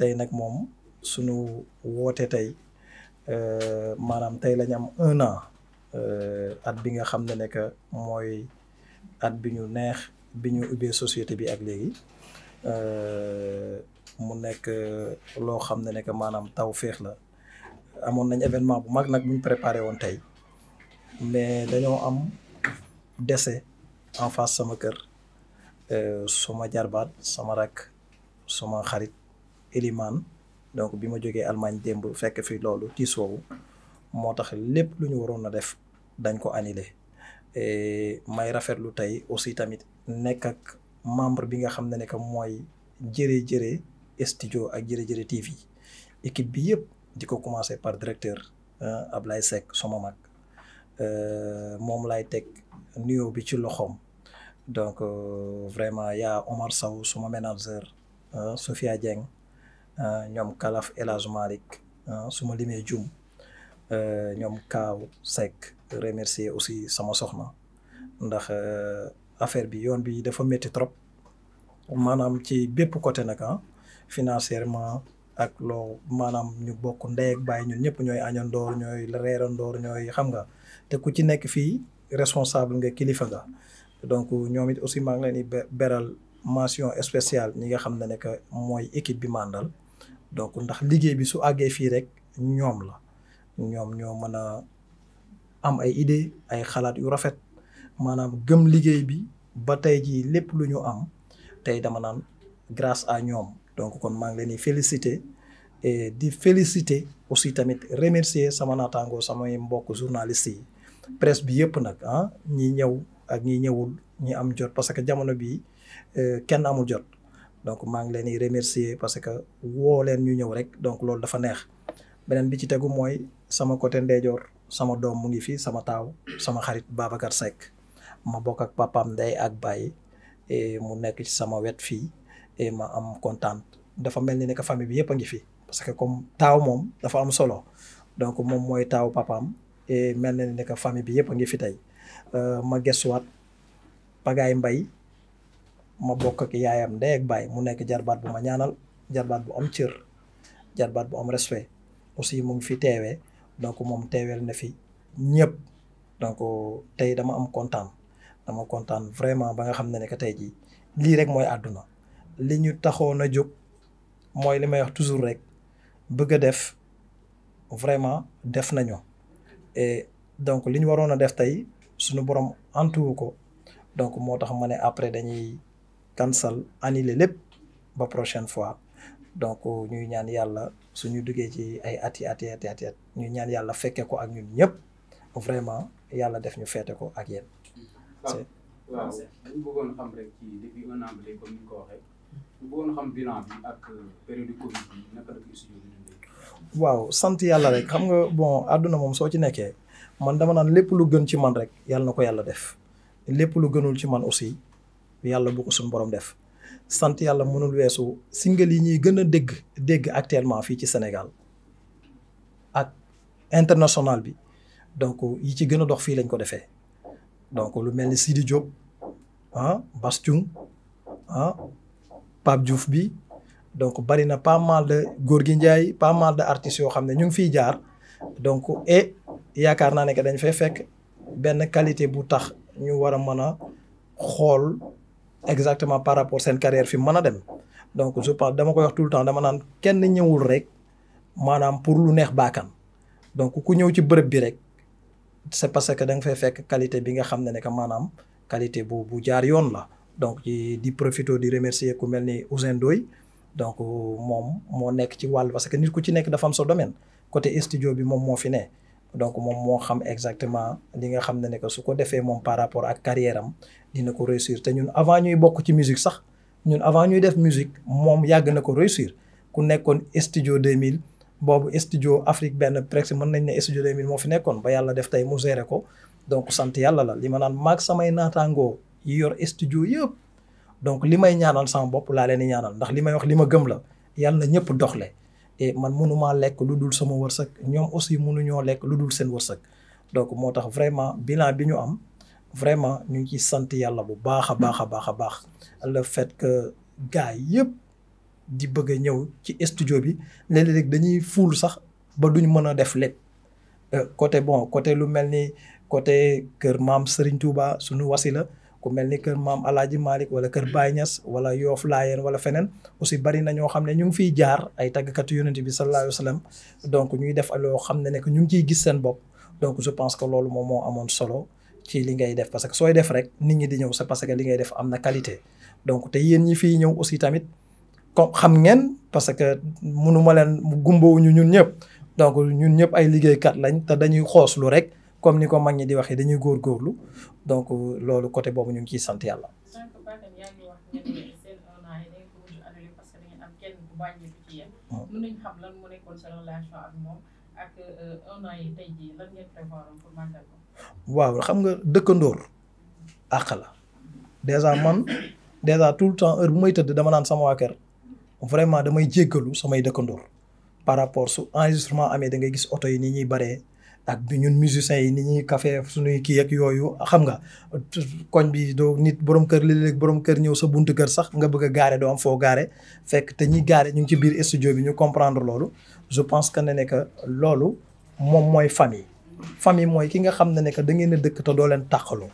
tey nag moom suñu woote tey euh, maanaam tey lañu am un an euh, at bi nga xam ne ne mooy at bi ñu neex bi ñu ubbee société bi ak léegi euh, mu nekk loo xam ne ne maanaam taw féex la amoon nañ événement bu mag nag bu ñu préparé woon tey mais dañoo am dese en face sama kër suma jarbaat sama rak suma xarit Eliman donc bi ma jógee Allemagne démb fekk fi loolu tiis woowu moo tax lépp lu ñu waroon a def dañ ko annulé may rafetlu tey aussi tamit nekk ak membre bi nga xam ne ne que mooy jëre studio ak jëre jërëjërë TV équipe bi yëpp di ko commencé par directeur euh, Ablaye Seck sama mag euh, moom lay teg nuyoo bi ci loxoom donc euh, vraiment yaa Omar Sow suma manager Sofia Dieng Euh, ñoom Kalaf élagement Hadj Malick euh, su ma limee jum euh, ñoom Kaaw Seck remercier aussi sama soxna ndax affaire bi yoon bi dafa métti trop maanaam ci bépp côté nag ah financièrement ak loo maanaam ñu bokk ndey ak baay ñun ñëpp ñooy añandoor ñooy reerandoor ñooy xam nga te ku ci nekk fii responsable nga kilifa nga donc ñoom it aussi maa ngi leen di beral mention spéciale ñi nga xam ne ne que mooy équipe bi màndal donc ndax liggéey bi su àggee fii rek ñoom la ñoom ñoo mën a am ay idée ay xalaat yu rafet maanaam gëm liggéey bi ba tey jii lépp lu ñu am tey dama naan grace à ñoom donc kon maa ngi leen di féliciter et di félicité aussi tamit remercier sama naataangoo samay mbokk journalistes yi presse bi yëpp nag ah ñi ñëw ak ñi ñëwul ñi am jot parce que jamono bi euh, kenn amul jot donc maa ngi leen di remercier parce que woo leen ñu ñëw rek donc loolu dafa neex beneen bi ci tegu mooy sama côté ndeyjoor sama doom mu ngi fii sama taaw sama xarit Babacar Seck ma bokk ak papaam ndey ak baay e mu nekk ci sama wet fii e ma am kontaan dafa mel ni ne que famille bi yëpp a ngi fi parce que comme taaw moom dafa am solo donc moom mooy taaw papaam e mel na ne que famille bi yëpp a ngi fi tey euh, ma gëstuwaat pagaay mbay ma bokk ak yaayam ndey ak baay mu nekk jarbaat bu ma ñaanal jarbaat bu am cër jarbaat bu am respect aussi mu ngi fi teewee donc moom teeweel na fi ñëpp donc tey dama am kontaan dama kontaan vraiment ba nga xam ne ne que tey jii lii rek mooy àdduna li ñu taxoon a jóg mooy li may wax toujours rek bëgg a def vraiment def nañu et donc li ñu waroon a def tey suñu borom antuwu ko donc moo tax ma ne après dañuy. cancel annuler lépp ba prochaine fois donc ñuy ñaan yàlla suñu duggee ci ay at yi ñaan yàlla fekke ko ak ñun ñëpp yàlla def ñu feete ko ak yéen. waaw sant yàlla rek xam nga bon àdduna moom soo ci nekkee man dama naan lépp lu gën ci man rek yàlla na ko yàlla def lépp lu gënul ci man aussi yàlla bu ko suñu borom def sant yàlla mënul weesu single yi ñuy gën a dégg dégg actuellement fii ci Sénégal ak international bi donc yi ci gën a dox fii lañ ko defee donc lu mel ni Sidi Diop ah Bass Thioung ah Pape Diouf bi donc bari na pas mal góor gi Ndiaye pas mal de artistes yoo xam ne ñu ngi fiy jaar donc et yaakaar naa ne que dañ fay fekk benn qualité bu tax ñu war a mën a xool exactement par rapport seen carrière fi mën a dem donc je pense dama koy wax tout le temps dama naan kenn ñëwul rek maanaam pour lu neex baakan donc ku ñëw ci bërëb bi rek c'est parce que da nga fay fekk qualité bi nga xam ne ne que maanaam qualité bu bu jaar yoon la donc ci di profito di remercier ku mel ni Ousin Ndoye donc moom moo nekk ci wàll parce que nit ku ci nekk dafam am sa domaine côté studio bi moom moo fi ne donc moom moo xam exactement li nga xam ne ne que su ko defee moom par rapport ak carrière am dina ko réussir te ñun avant ñuy bokk ci musique sax ñun avant ñuy def musique moom yàgg na ko réussir ku nekkoon studio 2000 boobu studio Afrique benn presque mën nañ ne studio 2000 moo fi nekkoon ba yàlla def tey mu ko donc sant yàlla la li ma naan maak samay naataangoo yi yor studio yëpp donc li may ñaanal sama bopp laa leen di ñaanal ndax li may wax li ma gëm la yàlla ñëpp doxle et man mënumaa lekk lu dul sama wërsëg ñoom aussi mënuñoo lekk lu dul seen wërsëg donc moo tax vraiment bilan bi ñu am vraiment ñu ngi ci sant yàlla bu baax a baax a baax a baax le fait que gars yëpp di bëgg a ñëw ci studio bi léeg dañuy fuul sax ba duñ mën a def lépp euh, côté bon côté lu mel ni côté kër maam Serigne Touba suñu wasila la ku mel ni kër maam Alaaji Malick wala kër Baye Niass wala Yoff Laayeen wala feneen aussi bari na ñoo xam ne ñu ngi fiy jaar ay tàggkatu yonent bi sallallahu alayhi wa sallam ñuy def loo xam ne ne ñu ngi ciy gis seen bopp donc je pense que loolu moom moo amoon solo ci li ngay def parce que sooy def rek nit ñi di ñëw c'est parce que li ngay def am na qualité donc te yéen ñi fiy ñëw aussi tamit comme xam ngeen parce que mënu ma leen gumbawuñu ñun ñëpp donc ñun ñëpp ay liggéeykat lañ te dañuy xooslu rek comme ni ko mag ñi di waxee dañuy góor góorgóorlu donc euh, loolu côté boobu ñu ngi ciy sant yàlla. mën xam euh, waaw xam nga dëkkandoor àq la dèjà man dèjà tout le temps heure bu may tëdd dama naan sama waa kër vraiment damay jéggalu samay dëkkandoor par rapport su enregistrement amee da ngay gis oto yi ni ñuy baree ak bi ñun musiciens yi ni ñuy café suñuy kii ak yooyu xam nga koñ bi doo nit borom kër léeg-léeg borom kër ñëw sa buntu kër sax nga bëgg a gaare doo am foo gaare fekk te ñi gaare ñu ngi ci biir studio bi ñu comprendre loolu je pense que ne ne que loolu moom mooy famille famille mooy ki nga xam ne ne que da ngeen a dëkk te doo leen tàqaloo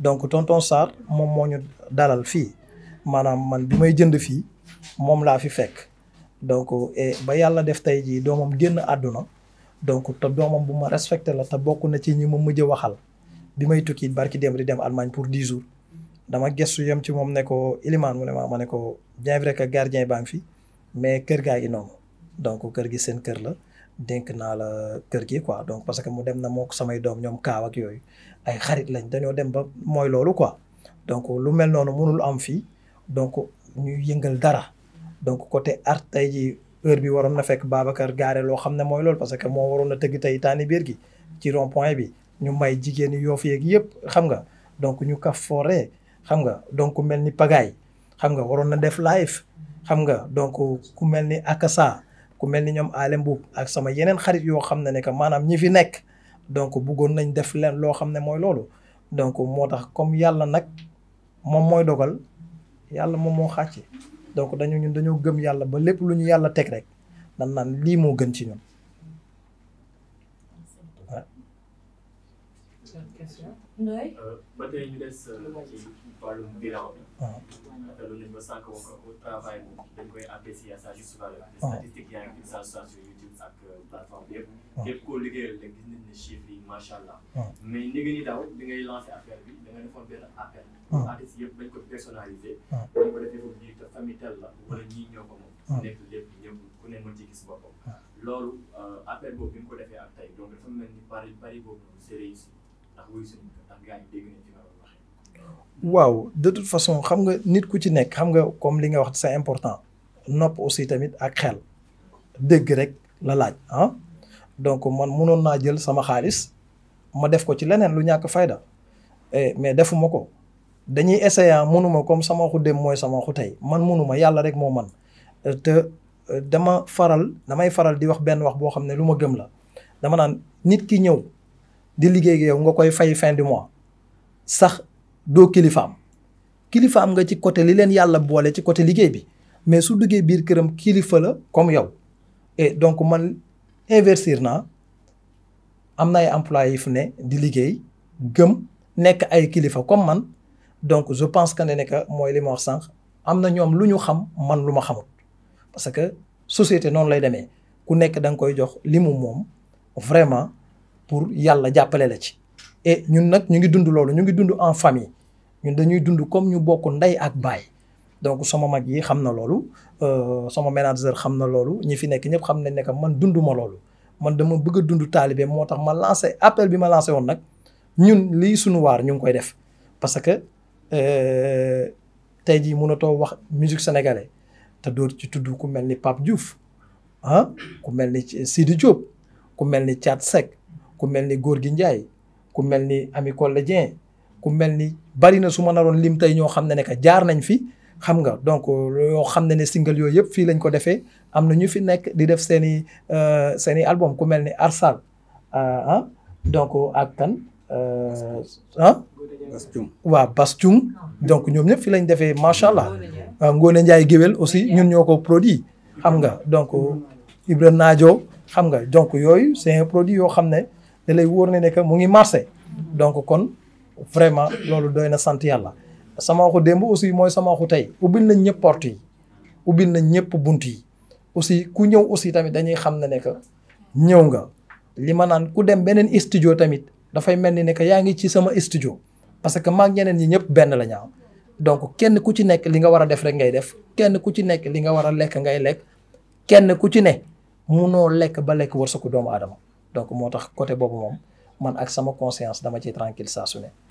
donc tonton Sarr moom moo ñu dalal fii maanaam man bi may jënd fii moom laa fi fekk donc eh, ba yàlla def tey jii doomam génn àdduna donc te doomam bu ma respecté la te bokk na ci ñi ma mujj waxal bi may tukki barki dem di dem Allemagne pour di jour dama gëstu yem ci moom ne ko Ilimaan mu ne ma ne ko bien vrai que baa ngi fi mais kër gaa ngi noonu donc kër gi seen kër la dénk naa la kër gi quoi donc parce que mu dem na moo samay doom ñoom kaaw ak yooyu ay xarit lañ dañoo dem ba mooy loolu quoi donc lu mel noonu mënul am fii donc ñu yëngal dara donc côté art tey ji heure bi waroon na fekk Babacar gaare loo xam ne mooy loolu parce que moo waroon na tëgg tey taani gi ci rond point bi ñu may jigéen yi yoo fi yeeg yëpp xam nga donc ñu kaf foore xam nga donc mel ni pagaay xam nga waroon na def live xam nga donc ku mel ni akasa ku mel ni ñoom Alé Mboup ak sama yeneen xarit yoo xam ne ne que maanaam ñi fi nekk donc buggoon nañ def leen loo xam ne mooy loolu donc moo tax comme yàlla nag moom mooy dogal yàlla moom moo xàcce donc dañu ñun dañoo gëm yàlla ba lépp lu ñu yàlla teg rek nan naan lii moo gën ci ñun. Euh, ba loolu ma sànq wax ko au travail moom dañ koy apprécier à sa juste valeur statistiques yaa ngi sa soit sur YouTube ak plateforme yëpp képp koo liggéeyal rek gis nañ ne chiffres yi macha allah mais ni nga ni bi ngay lancé affaire bi da nga defoon benn appel artistes yëpp dañ ko personnalisé dañ ko defee foofu ñi te famille tel la wala ñii ñoo ko moom nekk ku ne mën ci gis boppam loolu appel boobu bi ko defee ak tey donc dafa mel ni bari bari boobu noonu c'est réussi ndax wuyu suñu yi dégg nañ waaw de toute façon xam nga nit ku ci nekk xam nga comme li nga wax c'est important nopp aussi tamit ak xel dégg rek la laaj ah donc man mënoon naa jël sama xaalis ma def ko ci leneen lu ñàkk fayda eh, mais defuma ko dañuy essayer mënuma comme sama waxu mooy sama waxu tey man mënuma yàlla rek moo man te eh, dama faral damay faral di wax benn wax boo xam ne lu ma gëm la dama naan nit ki ñëw di liggéey yow nga koy fay fin du mois sax doo kilifaam kilifaam nga ci côté li leen yàlla boole ci côté liggéey bi mais su duggee biir këram kilifa la comme yow et donc man investir naa am na ay employés yi fu ne di liggéey gëm nekk ay kilifa comme man donc je pense que ne ne mooy li wax sànq am na ñoom lu ñu xam man lu ma xamut parce que société noonu lay demee ku nekk da nga koy jox li mu moom vraiment pour yàlla jàppale la ci. ñun nag ñu ngi dund loolu ñu ngi dund en famille ñun dañuy dund comme ñu bokk ndey ak baay donc sama mag yi xam na loolu euh, sama manager xam na loolu ñi fi nekk ñëpp xam nañ ne que man dund ma loolu man dama bëgg a dund taalibe moo tax ma lancé appel bi ma lancé nag ñun lii suñu waar ñu ngi koy def parce que euh, te jii mënatoo wax musique sénégalais te doo ci tudd ku mel ni Pape jouf ah ku mel ni ci Sidi Diop ku mel ni Thiat Seck ku mel ni góor gi njaay ku mel ni Ami Collé Dieng ku mel ni bari na su ma naroon lim tey ñoo xam ne ne que jaar nañ fi xam nga donc yoo xam ne ne single yooyu yëpp fii lañ ko defee am na ñu fi nekk di def seen i euh, seen i album ku mel ni Arsal euh, ah donc ak kan euh, ah waaw Bastoum donc ñoom ñëpp fi lañ defee macha allah Ngone Ndiaye géwél aussi ñun ñoo ko produit xam nga donc Ibra Naajo xam nga donc yooyu produit yoo xam ne da lay wóor na ne que mu ngi marché donc kon vraiment loolu doy na sant yàlla sama waxu démb aussi mooy sama waxu tey ubbil nañ ñëpp porte yi nañ ñëpp bunt yi aussi ku ñëw aussi tamit dañuy xam ne ne que ñëw nga li ma naan ku dem beneen studio tamit dafay mel ni ne que yaa ngi ci sama studio parce que maag ñeneen ñi ñëpp benn la ñu am donc kenn ku ci nekk li nga war a def rek ngay def kenn ku ci nekk li nga war a lekk ngay lekk kenn ku ci nekk ne noo lekk ba lekk wërsëgu doomu aadama donc moo tax côté boobu moom man ak sama conscience dama ci tranquille saa ne